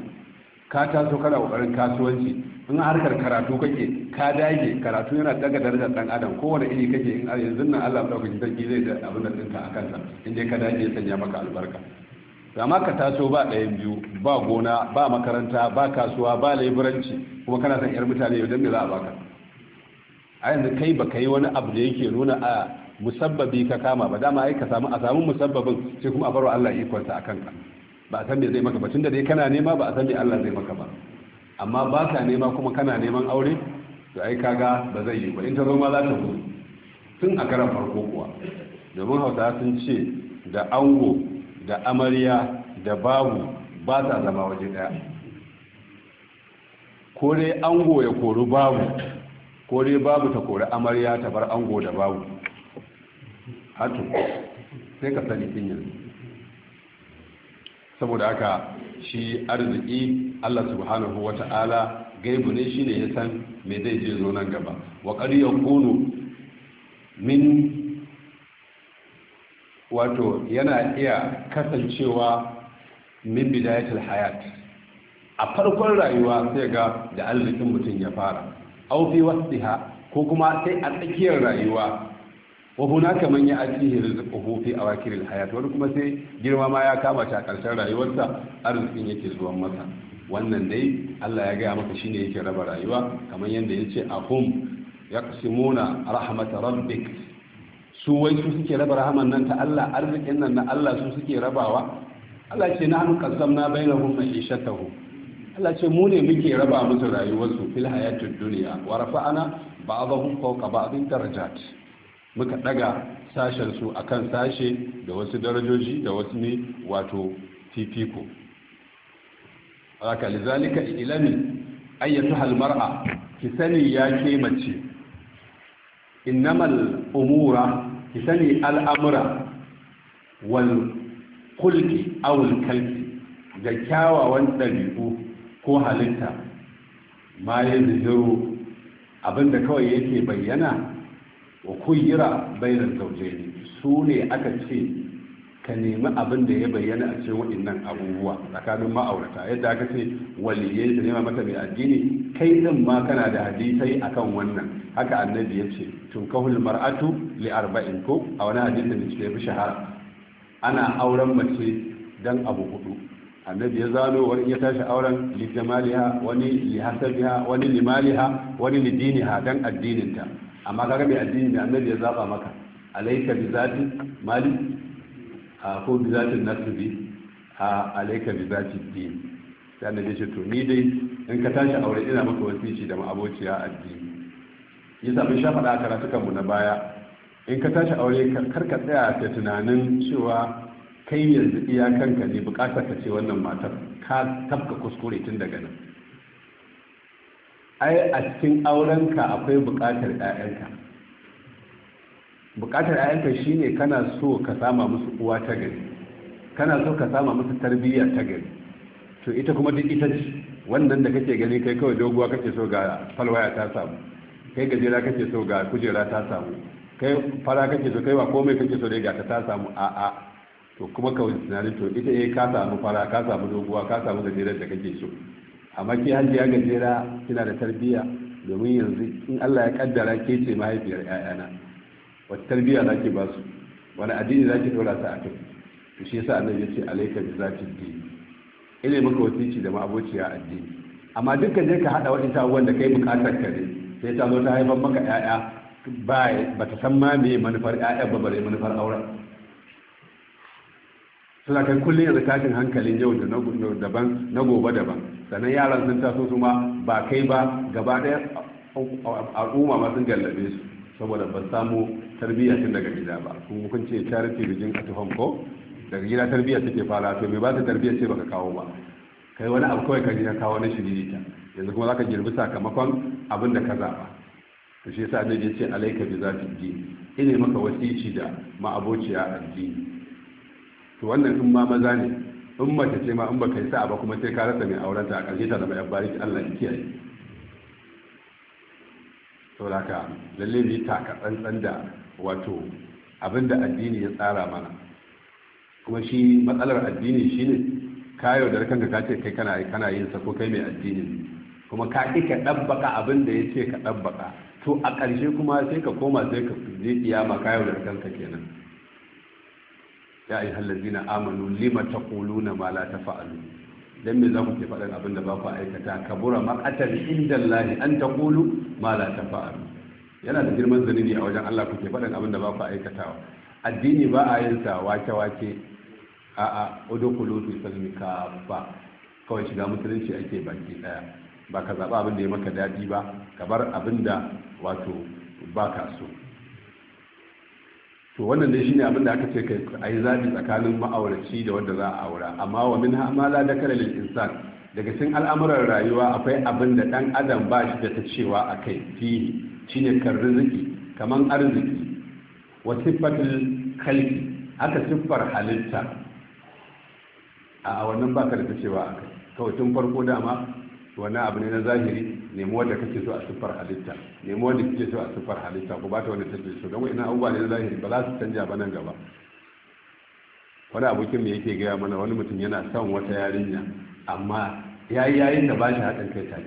ka taso kana kokarin kasuwanci in harkar karatu kake ka dage karatu yana daga darajar dan adam kowane iri kake in yanzu nan Allah ɗaukaki sarki zai da abin da dinka a kansa in dai ka dage sanya maka albarka amma ka taso ba ɗayan biyu ba gona ba makaranta ba kasuwa ba laiburanci kuma kana san yar mutane yau dan me za a baka a yanzu kai ba kai wani abu da yake nuna a musabbabi ka kama ba dama ai ka samu a samu musabbabin sai kuma a baro Allah ikonsa a kanka ba a san me zai maka ba tunda dai kana nema ba a san me Allah zai maka ba amma ba ka nema kuma kana neman aure to ai kaga ba zai yi ba in ta zo ma za ta zo. tun a karan farko kuwa domin hausa sun ce da ango da amarya da babu ba ta zama waje daya ko dai ango ya kori babu ko dai babu ta kori amarya ta bar ango da babu hatu sai ka sani tun yanzu saboda haka shi arziki Allah subhanahu wa ta'ala gaibu ne shi ne ya san me zai je zo nan gaba wa ƙarya min wato yana iya kasancewa min bidayatul hayat a farkon rayuwa sai ga da arzikin mutum ya fara Aufi fi ko kuma sai a tsakiyar rayuwa wa hunaka man ya'tihi rizquhu fi awakiril hayat wani kuma sai girma ma ya kama shi a karshen rayuwarsa arzikin yake zuwan masa wannan dai Allah ya gaya maka shine yake raba rayuwa kamar yadda yace ahum yaqsimuna rahmat rabbik su wai su suke raba rahaman nan ta Allah arzikin nan na Allah su suke rabawa Allah ce na bai na bainahum ma'ishatahu Allah ce mu ne muke raba musu rayuwarsu fil hayatid dunya wa rafa'ana ba'dahum fawqa ba'din darajat muka daga sashen su akan sashe da wasu darajoji da wasu ne wato fifiko haka lizalika ilami ayyatu halmar'a ki sani ya ke mace innamal umura ki sani al'amura wal kulki awul kalki ga kyawawan ɗabi'u ko halitta ma ya zuhiru abinda kawai yake bayyana wa kuyira bainar ni. su ne aka ce ka nemi abin da ya bayyana a cikin waɗannan abubuwa tsakanin ma'aurata yadda aka ce waliyai da nema mata mai addini kai din ma kana da hadisai akan wannan haka annabi ya ce tunkahul mar'atu li arba'in ko a wani hadisin da ya fi shahara ana auren mace dan abu hudu annabi ya zano wani ya tashi auren li jamaliha wani li hasabiha wani li maliha wani li diniha dan addininta amma kaga mai addini mai annabi ya zaba maka alaika bi zati mali ko bi zati nasibi a alaika bi zati din sai annabi ce to ni dai in ka tashi aure ina maka wasici da ma'abociya addini yasa mun sha faɗa a karatukan mu na baya in ka tashi aure kar ka tsaya ta tunanin cewa kai yanzu iyakanka ne bukatar ka ce wannan matar ka tabka kuskure tun daga nan ai a cikin aurenka akwai buƙatar 'ya'yanka. buƙatar ƴaƴanka shine kana so ka sama musu uwa ta gari kana so ka sama musu tarbiyya ta gari to ita kuma duk ita ce wannan da kake gani kai kawai doguwa kake so ga falwaya ta samu kai gajera kake so ga kujera ta samu kai fara kake so kai ba komai kake so dai ga ta samu a a to kuma kawai tunanin to ita eh ka samu fara ka samu doguwa ka samu gajerar da kake so amma ke hajji ya gajera kina da tarbiyya domin yanzu in Allah ya kaddara ke ce mahaifiyar ƴaƴana wata tarbiyya za ki ba su wani addini za ki ɗora ta a kai to shi yasa annabi ya ce alaika bi zati din ina maka wasici da ma'abociya addini amma dukkan je ka haɗa waɗansu abubuwan da kai buƙatar ka ne sai ta zo ta haifar maka ƴaƴa ba ta san ma me manufar ƴaƴa ba bare manufar auren suna kai kullum yanzu tashin hankalin yau da daban na gobe daban sannan yaran sun taso su ma ba kai ba gaba ɗaya al'umma ma sun gallabe su saboda ba samu tarbiyya tun daga gida ba kuma kun ce charity bijin at home ko daga gida tarbiyya take fara to mai ba ta tarbiyya ce baka kawo ba kai wani abu kawai ka ya kawo na shiririta yanzu kuma zaka girbi sakamakon abin da ka zaba to shi yasa annabi yace alayka bi zati ji ina maka wasici da ma'abociya addini to wannan sun ma maza ne in mace ce ma in baka yi sa'a ba kuma sai ka rasa mai aurenta a ƙarshe ta zama yan ki Allah ya kiyaye laka lalle ne ka tsantsan da wato abin da addini ya tsara mana kuma shi matsalar addini shine ka da kanka ka ce kai kana kana yin sa ko kai mai addini kuma ka ki ka dabbaka abin da yace ka dabbaka to a ƙarshe kuma sai ka koma sai ka je kiyama ka rakan kanka kenan ya ayi na amanu lima na mala ta fa’alu dan me za ku ke faɗin abin da ba ku aikata ma'atar inda lahi an ta Kulu, Mala ta fa’alu yana da girman zanini a wajen Allah ku ke faɗin abin da ba ku aikatawa addini ba a yin sa wake wake a a kulu su salmi kafa kawai shiga musulunci ake baki ɗaya. ba ka zaɓi abin da ya maka daɗi ba ka bar abin da wato ba ka so to wannan ne shine abin da aka ce kai ayi zabi tsakanin ma'auraci da wanda za a aura amma wa min ma da kare lil insan daga cikin al'amuran rayuwa akwai abin da dan adam ba shi da ta cewa akai fi shine kan riziki kaman arziki wa sifatul khalqi haka sifar halitta a wannan ba ka da ta cewa akai kawai tun farko dama wannan abu ne na zahiri nemi wanda kake so a siffar halitta nemi wanda kake so a siffar halitta ko ba ta wanda take so don na abubuwa ne na zahiri ba za su canja ba nan gaba wani abokin mai yake gaya mana wani mutum yana son wata yarinya amma ya yi yayin da ba shi haɗin kai ta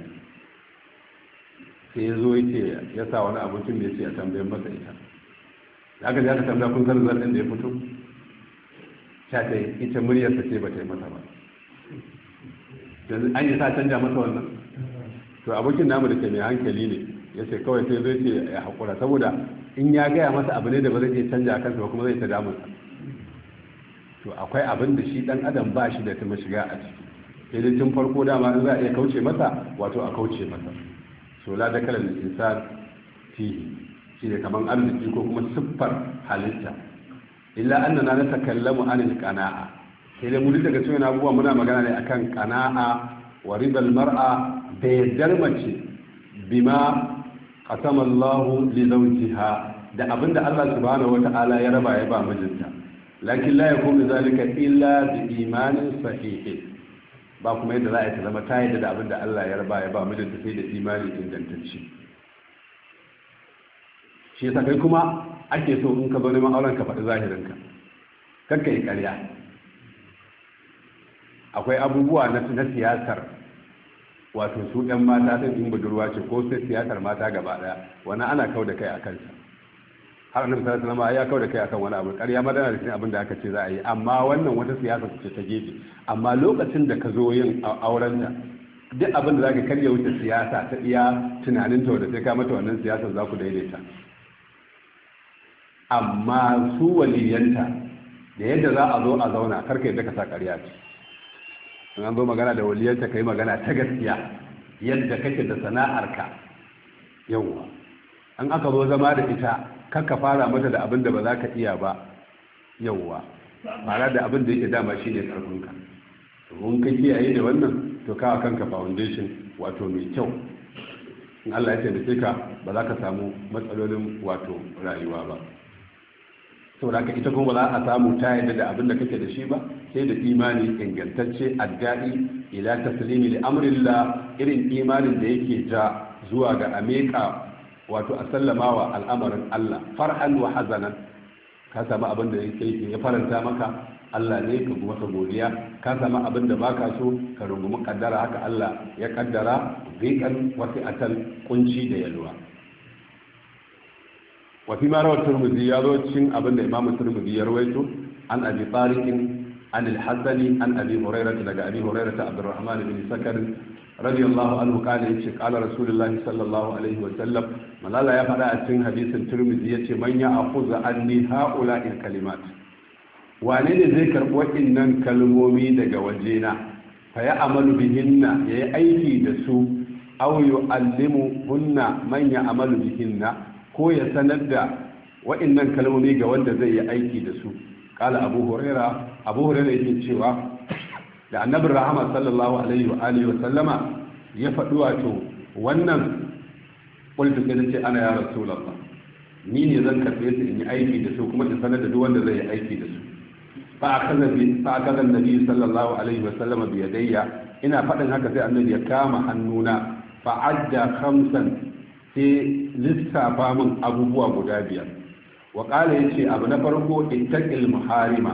sai ya zo yake ya sa wani abokin mai ya ce ya tambaye masa ita da aka ji aka tambaya kun zan ɗin da ya fito ta yi, ita muryarsa ce ba ta yi masa ba yanzu an yi sa canja masa wannan to abokin namu da ke mai hankali ne ya ce kawai sai zai ce ya haƙura saboda in ya gaya masa abu ne da ba zai iya canja a kansa ba kuma zai ta damu to akwai abin da shi dan adam ba shi da ta shiga a ciki sai dai tun farko dama in za a iya kauce masa wato a kauce masa so la da kalan insan fi shi ne kamar arziki ko kuma siffar halitta illa annana na takallamu anil qana'a sai dai mu daga cikin abubuwa muna magana ne akan qana'a wa ridal mar'a da yardar mace bima qasama Allahu li zawjiha da abinda Allah subhanahu wata'ala ya raba ya ba mijinta lakin la yakunu zalika illa bi imanin sahih ba kuma yadda za a ta zama ta da abinda Allah ya raba ya ba mijinta sai da imani ingantacce shi yasa kai kuma ake so in ka zo neman auren ka faɗi ka kakka yi ƙarya akwai abubuwa na siyasar wato su ɗan mata sai sun budurwa ce ko sai siyasar mata gaba ɗaya. wani ana kau da kai a kansa har annabi sallallahu alaihi wasallam ya kau da kai akan wani abu ƙarya ma dana da cikin abin da aka ce za a yi amma wannan wata siyasa ce ta gefe amma lokacin da ka zo yin auren ta duk abin da zaka karya wuce siyasa ta iya tunanin ta wanda sai ka mata wannan siyasar za ku daidaita amma su waliyanta da yadda za a zo a zauna karka yadda ka sa ƙarya ce in an zo magana da waliyarta ka yi magana ta gaskiya yadda kake da sana'arka yawwa an aka zo zama da ita kar ka fara mata da abin da ba za ka iya ba yawwa fara da abin da yake dama shi ne ƙarfinka domin ka kiyaye da wannan to kawo kanka foundation wato mai kyau in allah ya taimake ka ba za ka samu matsalolin wato rayuwa ba saboda ka ita kuma za a samu ta yadda da abin da kake da shi ba sai da imani ingantacce addadi ila taslimi li amrillah irin imanin da yake ja zuwa ga ameka wato a sallamawa al'amarin Allah farhan wa hazanan ka samu abin da yake ya faranta maka Allah ne ka kuma ka godiya ka samu abin da baka so ka rungumi kaddara haka Allah ya kaddara a kan kunci da yalwa wa fi ma rawar turmuzi ya zo cikin abin da imamu turmuzi ya rawaito an abi tarikin an al-hasani an abi hurairah daga abi hurairah ta abdurrahman bin sakar radiyallahu anhu kana yace qala rasulullahi sallallahu alaihi wa sallam malala ya faɗa a cikin hadisin turmuzi yace man ya akhudha anni haula'il kalimat wane ne zai karɓi waɗannan kalmomi daga wajena fa ya amalu ya yi aiki da su au yu'allimu hunna man ya ko ya sanar da wa'annan kalmomi ga wanda zai yi aiki da su kala abu huraira abu huraira yake cewa da annabin rahama sallallahu alaihi wa alihi wa sallama ya faɗi wato wannan kulta sai ce ana ya rasulullah ni ne zan karɓe su in yi aiki da su kuma in sanar da duk wanda zai yi aiki da su fa akaza bi fa akaza annabi sallallahu alaihi wa sallama bi yadayya ina faɗin haka sai annabi ya kama hannuna fa adda khamsan sai lissafa min abubuwa guda biyar wa ƙala ya ce abu na farko ittaqil muharima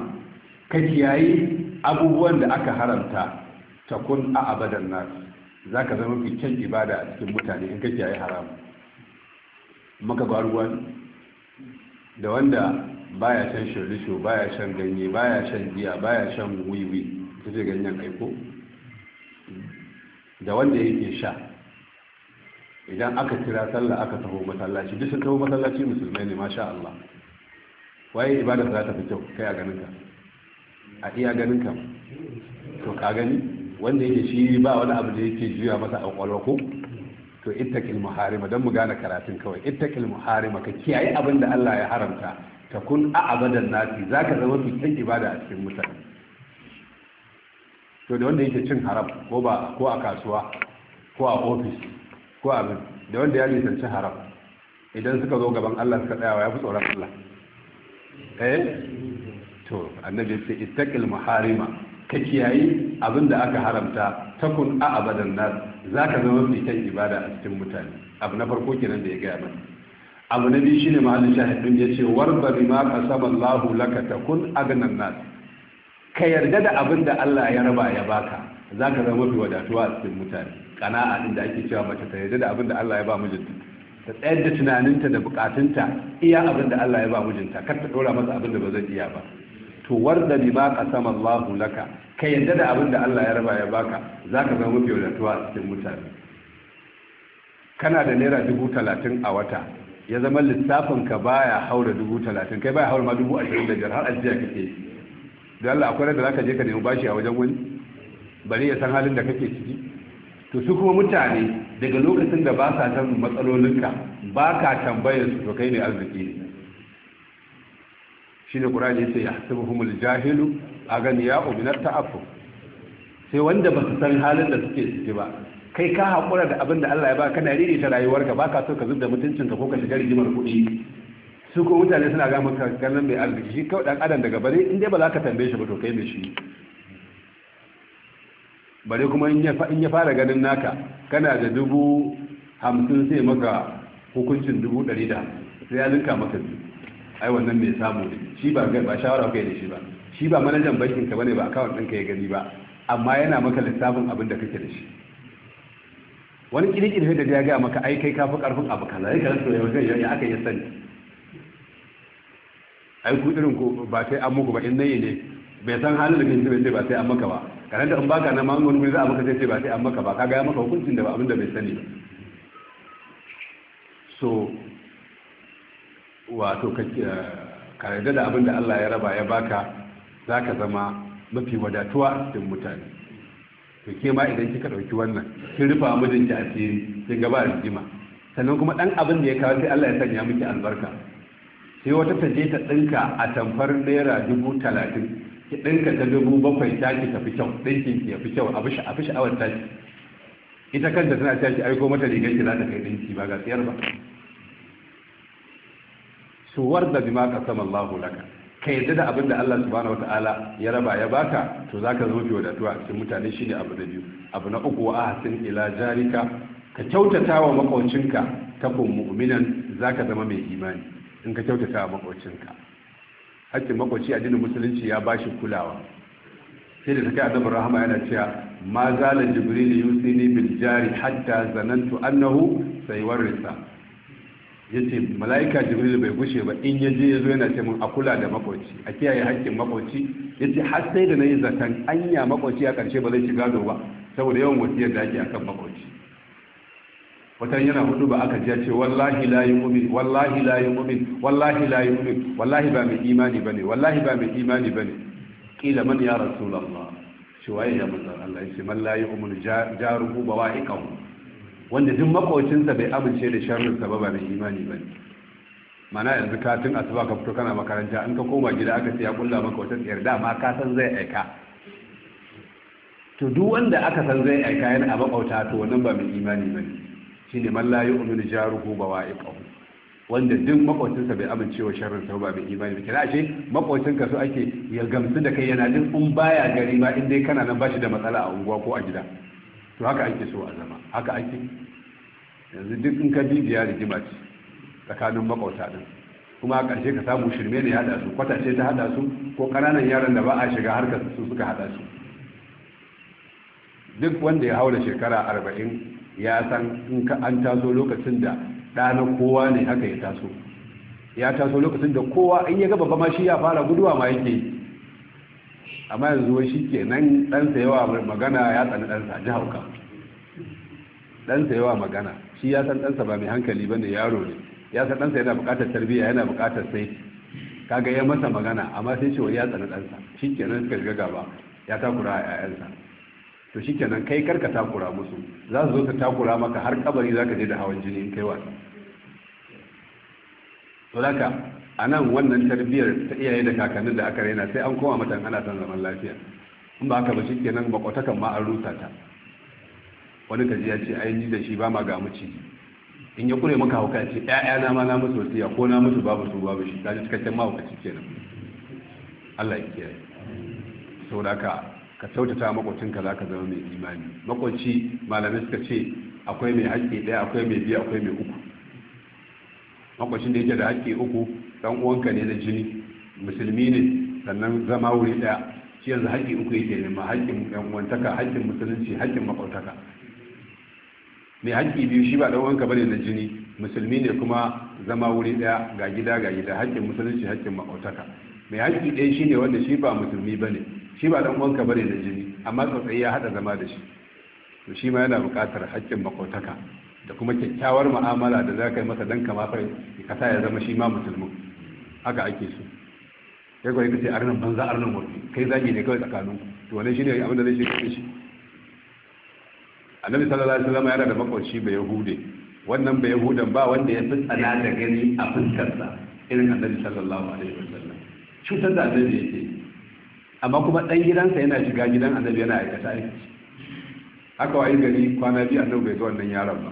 ka kiyayi abubuwan da aka haramta ta kun a abadan nasu za ka zama fitan ibada a cikin mutane in ka kiyayi haram maka ba ruwan da wanda baya shan shirisho baya shan ganye baya shan giya baya shan wiwi ita ce ganyen aiko da wanda yake sha idan aka kira sallah aka taho masallaci duk sun taho masallaci musulmai ne masha Allah waye ibada za ta fi kyau kai a ganin ka a iya ganin ka to ka gani wanda yake shi ba wani abu da yake juya masa a kwalwa ko to ittaqil muharima dan mu gane karatun kawai ittaqil muharima ka kiyaye abin da Allah ya haramta ta kun a abadan nasi zaka zama fitan ibada a cikin mutane to da wanda yake cin haram ko ba ko a kasuwa ko a ofis ko abin da wanda ya nisanci haram idan suka zo gaban Allah suka tsayawa ya fi tsoron Allah eh to annabi sai ittaqil muharima ka kiyayi abin da aka haramta takun a abadan nas zaka zama mai kan ibada a cikin mutane abu na farko kenan da ya gaya mana abu na biyu shine mahallin shahidin ya ce warba bima qasama Allahu laka takun agnan nas ka yarda da abin da Allah ya raba ya baka zaka zama mafi wadatuwa a cikin mutane kana'a inda ake cewa mace ta yarda da abin da Allah ya ba mijinta ta tsayar da tunaninta da bukatunta iya abin da Allah ya ba mijinta kar ta dora masa abin da ba zai iya ba to warda bi ma qasama Allahu laka ka yarda da abin da Allah ya raba ya baka zaka zama mafi wadatuwa a cikin mutane kana da naira dubu talatin a wata ya zama lissafin ka baya haura dubu talatin kai baya haura ma dubu ashirin da biyar har ajiya kake da Allah akwai da zaka je ka nemi bashi a wajen wani bari ya san halin da kake ciki to su kuma mutane daga lokacin da ba sa san matsalolinka ba ka tambayar su to kai ne arziki ne shi ne ƙurani ya ce ya sabuhumul jahilu a gani ya obinar ta'afu sai wanda ba su san halin da suke ciki ba kai ka haƙura da abin da Allah ya ba kana ne ta rayuwarka ba ka so ka mutuncin mutuncinka ko ka shiga rigimar kuɗi su ko mutane suna ga maka ganin mai arziki shi kawai ɗan adam daga bare in dai ba za ka tambaye shi ba to kai mai shi Bari kuma in ya fara ganin naka kana da dubu hamsin sai maka hukuncin dubu ɗari da sai ya zinka maka biyu ai wannan mai samu ne shi ba ba shawara kai da shi ba shi ba manajan bankin ka bane ba akawun ɗinka ya gani ba amma yana maka lissafin abin da kake da shi wani kirkirfe da ya gaya maka ai kai kafi karfin abu kaza ya karanta ya wajen ya aka yi sani ai ku irin ku ba sai an muku ba in nayi ne bai san halin da kake ba sai ba sai an maka ba karen da in baka na ma wani za a maka ce ba sai an maka ba ka ga maka hukuncin da abin da bai sani so wato ka eh, kare da abinda da Allah ya raba ya baka za ka zama mafi wadatuwa a cikin mutane to ke ma idan kika ɗauki wannan kin rufa mijinki a fili kin gaba a rijima sannan kuma ɗan abin da ya kawo sai Allah ya sanya miki albarka sai wata ta je ta tsinka a tamfar naira dubu talatin ɗinka ta dubu bakwai tashi tafi kyau ɗinkin ki yafi kyau abu sha'afi sha'awar tashi. ita kanta tana tashi ai aiko mata rigar ki za ta kai ɗinki ba ga tsayar ba suwar da bima ka sama Allahu laka ka yadda da abin da Allah subhanahu ta'ala ya raba ya baka to zaka zama fi wadatuwa a cikin mutane ne abu na biyu abu na uku a hasin ila jarika ka kyautata wa makocinka takun mu'minan zaka zama mai imani in ka kyautata wa maƙwacinka hakkin makwaci addinin musulunci ya bashi kulawa sai da ta kai annabi rahama yana cewa ma zala jibril yusini bil jari hatta zanantu annahu sayuwar risa ce malaika jibril bai gushe ba in ya yaje zo yana ce mun a kula da makwaci a kiyaye hakkin makwaci ce har sai da na yi zaton anya makwaci a karshe ba zai shiga do ba saboda yawan wasiyar da ake a kan makwaci wata yana hudu ba aka ce wallahi la mumin wallahi la mumin wallahi la mumin wallahi ba mai imani ba ne, wallahi ba mai imani ba ne. kila man ya Allah shi waye ya manzon Allah yace man la yu'minu jaruhu bawa'iqahu wanda duk makocinsa bai amince da sharrin sa ba ba mai imani ba ne. mana yanzu ka tun asuba ka fito kana makaranta in ka koma gida aka ce ya kulla maka wata tsayar. dama ka san zai aika to duk wanda aka san zai aika yana a makauta to wannan ba mai imani ba ne. ne man la yu'minu jaruhu bawa'iqahu wanda duk makwacinsa bai amincewa sharrin sa ba bai imani kira ashe makwacinka ka so ake ya gamsu da kai yana duk in baya gari ma in dai kana nan bashi da matsala a unguwa ko a gida to haka ake so a zama haka ake yanzu duk in ka bibiya rigima ce tsakanin makwata din kuma a ƙarshe ka samu shirme ne haɗa su kwatace ta hada su ko ƙananan yaran da ba a shiga harkar su suka hada su duk wanda ya haula shekara arba'in ya san in ka an taso lokacin da ɗana kowa ne haka ya taso ya taso lokacin da kowa in ya gaba ba ma shi ya fara guduwa ma yake amma yanzu wai shi ke nan ɗansa yawa magana ya tsani ɗansa ji hauka ɗansa yawa magana shi ya san ɗansa ba mai hankali ba ne yaro ne ya san ɗansa yana buƙatar tarbiyya yana buƙatar sai kaga ya masa magana amma sai ce wai ya tsani ɗansa shi ke nan suka shiga gaba ya takura a 'ya'yansa to kenan kai karka takura musu za su zo ta takura maka har kabari za ka je da hawan jini kai wa. to daga a nan wannan tarbiyyar ta iyaye da kakannin da aka raina sai an koma mata ana son zaman lafiya in ba haka ba shikenan makwatakan ma an rusa ta wani kaji ya ce ai ni da shi ba ma ga muci in ya kure maka hauka ce na ma na musu wasiya ko na musu babu su babu shi ji cikakken ma hauka kenan Allah ya kiyaye da ka ka kyautata makwacinka za ka zama mai imani makwaci malamai suka ce akwai mai haƙƙi ɗaya akwai mai biyu akwai mai uku makwacin da yake da haƙƙi uku ɗan uwanka ne na jini musulmi ne sannan zama wuri ɗaya shi yanzu haƙƙi uku yake ma haƙƙin ɗan uwantaka haƙƙin musulunci haƙƙin makwautaka mai haƙƙi biyu shi ba ɗan uwanka bane na jini musulmi ne kuma zama wuri ɗaya ga gida ga gida haƙƙin musulunci haƙƙin makwautaka mai haƙƙi ɗaya shine wanda shi ba musulmi bane shi ba dan uwanka bane da jini amma tsotsayi ya hada zama da shi to shi ma yana buƙatar haƙƙin makotaka da kuma kyakkyawar mu'amala da za ka yi masa dan ma fa ka sa ya zama shi ma musulmi haka ake so kai kawai kace arnan banza arnan wani kai zagi ne kawai tsakanin to wannan shine abin da zai shi shi annabi sallallahu alaihi wasallam yana da makwarci bai yahude wannan bai yahudan ba wanda ya fi tsana da gani a fuskarsa irin annabi sallallahu alaihi wasallam cutar da annabi yake amma kuma ɗan gidansa yana shiga gidan annabi yana aikata aiki aka wayi gari kwana biyu annabi bai ga wannan yaron ba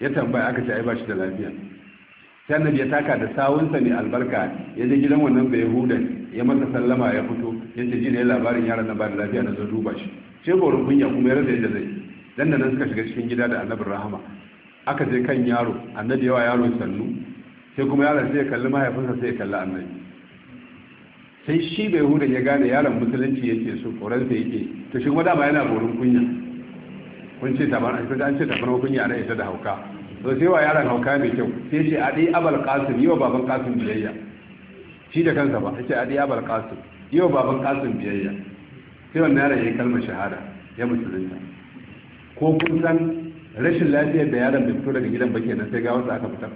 ya tambaya aka ce ai ba shi da lafiya sai annabi ya taka da sawunsa mai albarka ya je gidan wannan bai huda ya masa sallama ya fito ya ce jini ya labarin yaron na ba da lafiya na zo duba shi sai gorin kunya kuma ya rasa yadda zai dan da nan suka shiga cikin gida da annabin rahama aka je kan yaro annabi yawa yaro sannu sai kuma yaron sai ya kalli mahaifinsa sai ya kalli annabi sai shi bai huda ya gane yaron musulunci ya ce su koransa yake Ta shi kuma dama yana borin kunya kun ce tabar an ce tabar kunya ana isa da hauka so sai wa yaron hauka mai kyau sai ce adi abal yi wa baban qasim biyayya shi da kansa ba sai adi abal yi wa baban qasim biyayya sai wannan yaron yi kalmar shahada ya musulunta ko kun san rashin lafiyar da yaron bai fito daga gidan ba kenan sai ga wasu aka fitar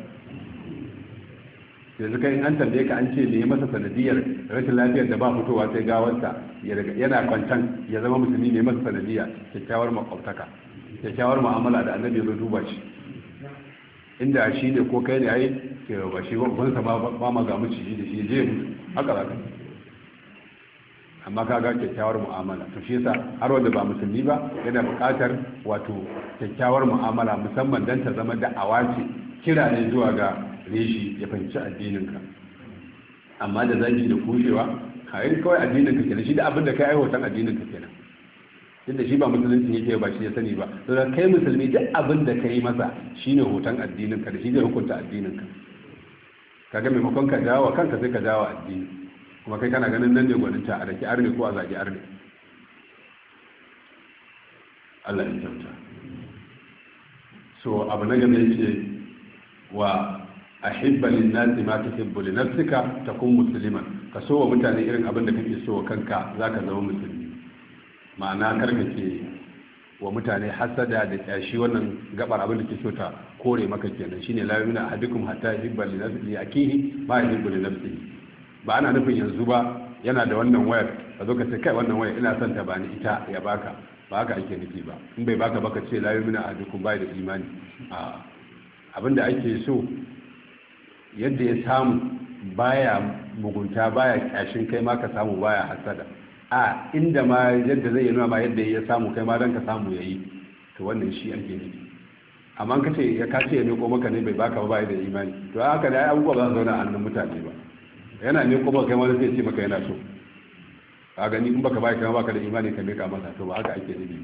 yanzu kai an tambaye ka an ce me ya masa sanadiyar rashin lafiyar da ba fitowa sai gawarsa yana kwantan ya zama musulmi ne masa sanadiya kyakkyawar makwabtaka kyakkyawar mu'amala da annabi ya duba shi inda shi ne ko kai ne ai ke ba shi ba sama ba ma ga miciji da shi je haka za ka amma ka ga kyakkyawar mu'amala to shi yasa har wanda ba musulmi ba yana buƙatar wato kyakkyawar mu'amala musamman dan ta zama da'awa ce kira ne zuwa ga reshi ya fahimci addininka amma da zaki da kushewa kayan kawai addininka kenan shi da abinda ka yi hoton addininka ke duk shi ba musulunci ke ba shi ya sani ba saboda kai musulmi duk abinda ka yi masa shi ne hoton addininka da shi zai hukunta addininka kaga maimakon ka jawo kanka sai ka jawo addini kuma kai kana ganin nan ne gwaninta a daki arne ko a zaki arne Allah ya kyauta so abu na gaba yake wa ahibba linnasi ma tuhibbu li nafsika takun musliman ka so wa mutane irin abin da kake so wa kanka zaka zama musulmi ma'ana karka ce wa mutane hasada da kyashi wannan gabar abin da ke so ta kore maka kenan shine la yumina ahadukum hatta yuhibba li nafsihi akihi ma yuhibbu li nafsihi ba ana nufin yanzu ba yana da wannan wayar ka zo ka ce kai wannan wayar ina son ta ba ni ita ya baka ba haka ake nufi ba in bai baka baka ce la yumina ahadukum bai da imani a abinda ake so yadda ya samu baya mugunta baya kyashin kai ma ka samu baya hasada a inda ma yadda zai nuna ma yadda ya samu kai ma don ka samu ya yi to wannan shi ake nufi amma ka ce ya kace ya neko maka ne bai baka ba da imani to haka da abubuwa ba su zauna a hannun mutane ba yana neko ba kai ma zai ce maka yana so A gani in baka baya kai ma baka da imani ka neka masa to ba haka ake nufi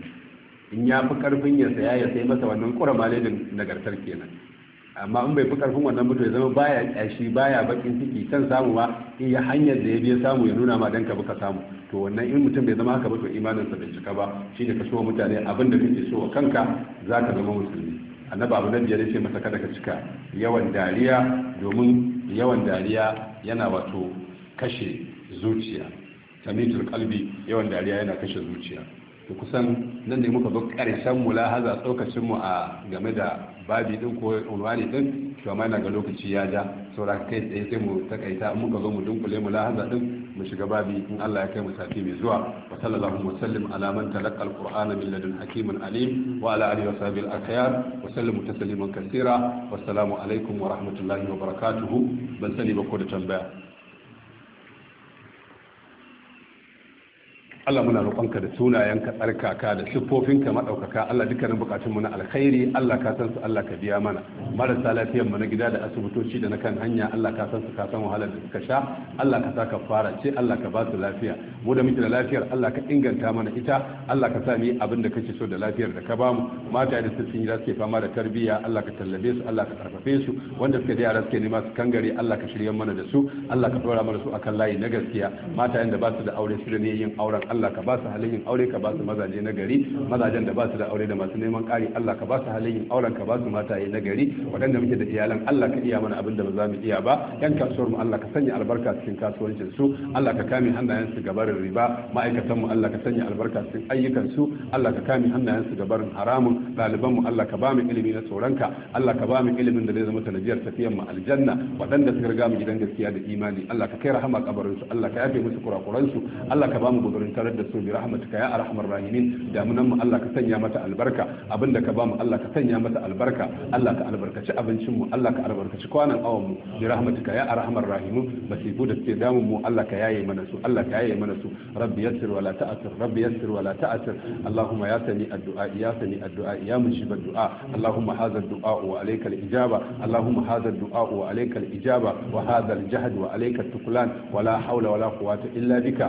in ya fi karfin ya saya ya sai masa wannan kura maledin nagartar kenan amma in bai fi karfin wannan mutu ya zama baya yashi baya bakin ciki kan samu ma ya hanyar da ya biya samu ya nuna ma dan ka baka samu to wannan in mutum bai zama haka ba to imanin sa bai cika ba shine ka so mutane abin da kake so wa kanka zaka zama musulmi annabi abu nabi ya ce masa kada ka cika yawan dariya domin yawan dariya yana wato kashe zuciya tamitul kalbi yawan dariya yana kashe zuciya to kusan nan ne muka zo karshen mulahaza tsokacin mu a game da babi din ko unwani din to amma ina ga lokaci ya ja saboda kai tsaye sai mu takaita muka zo mu dunkule mu lahaza din mu shiga babi in Allah ya kai mu sati mai zuwa wa sallallahu wa sallim ala man talaqa alqur'ana min ladun hakimin alim wa ala alihi wa sahbihi al-akhyar wa sallimu tasliman wa assalamu alaikum wa rahmatullahi wa barakatuhu ban sani ba ko da tambaya Allah muna roƙonka da sunayenka tsarkaka da siffofinka maɗaukaka Allah dukkanin bukatun mu na alkhairi Allah ka san su Allah ka biya mana marasa lafiyar mu na gida da asibitoci da na kan hanya Allah ka san su ka san wahalar da suka sha Allah ka sa ka fara ce Allah ka ba su lafiya mu da muke da lafiyar Allah ka inganta mana ita Allah ka sa mu abin da kake so da lafiyar da ka ba mu mata da sun gida suke fama da tarbiyya Allah ka tallabe su Allah ka karfafe su wanda suka da yara suke nema su kangare Allah ka shirye mana da su Allah ka dora mana su akan layi na gaskiya mata da ba su da aure su da ne yin auren Allah Allah ka ba su aure ka ba su mazaje na gari mazajen da ba su da aure da masu neman ƙari Allah ka ba su halin auren ka ba su mataye na gari waɗanda muke da iyalan Allah ka iya mana abin da ba za mu iya ba yan kasuwar mu Allah ka sanya albarka cikin kasuwancin su Allah ka kame hannayen su gabarin riba ma'aikatan mu Allah ka sanya albarka cikin ayyukan su Allah ka kame hannayen su gabarin haramun ɗaliban mu Allah ka ba mu ilimi na tsoronka Allah ka ba mu ilimin da zai zama sanadiyar tafiyar mu aljanna waɗanda suka riga mu gidan gaskiya da imani Allah ka kai rahama kabarin su Allah ka yafe musu kurakuran su Allah ka ba mu gudurin tarar da su bi rahmatika ya arhamar rahimin damunan mu Allah ka sanya mata albarka abinda ka ba mu Allah ka sanya mata albarka Allah ka albarkaci abincin mu Allah ka albarkaci kwanan awon mu bi rahmatika ya arhamar rahimin masifu da suke damun mu Allah ka yaye mana su Allah ka yaye mana su rabbi yassir wala ta'sir rabbi yassir wala ta'sir Allahumma ya sani addu'a ya sani addu'a ya mushiba du'a Allahumma hadha dua wa alayka al-ijaba Allahumma hadha dua wa alayka al-ijaba wa hadha al-jahd wa alayka at-tuklan wala hawla wala quwwata illa bika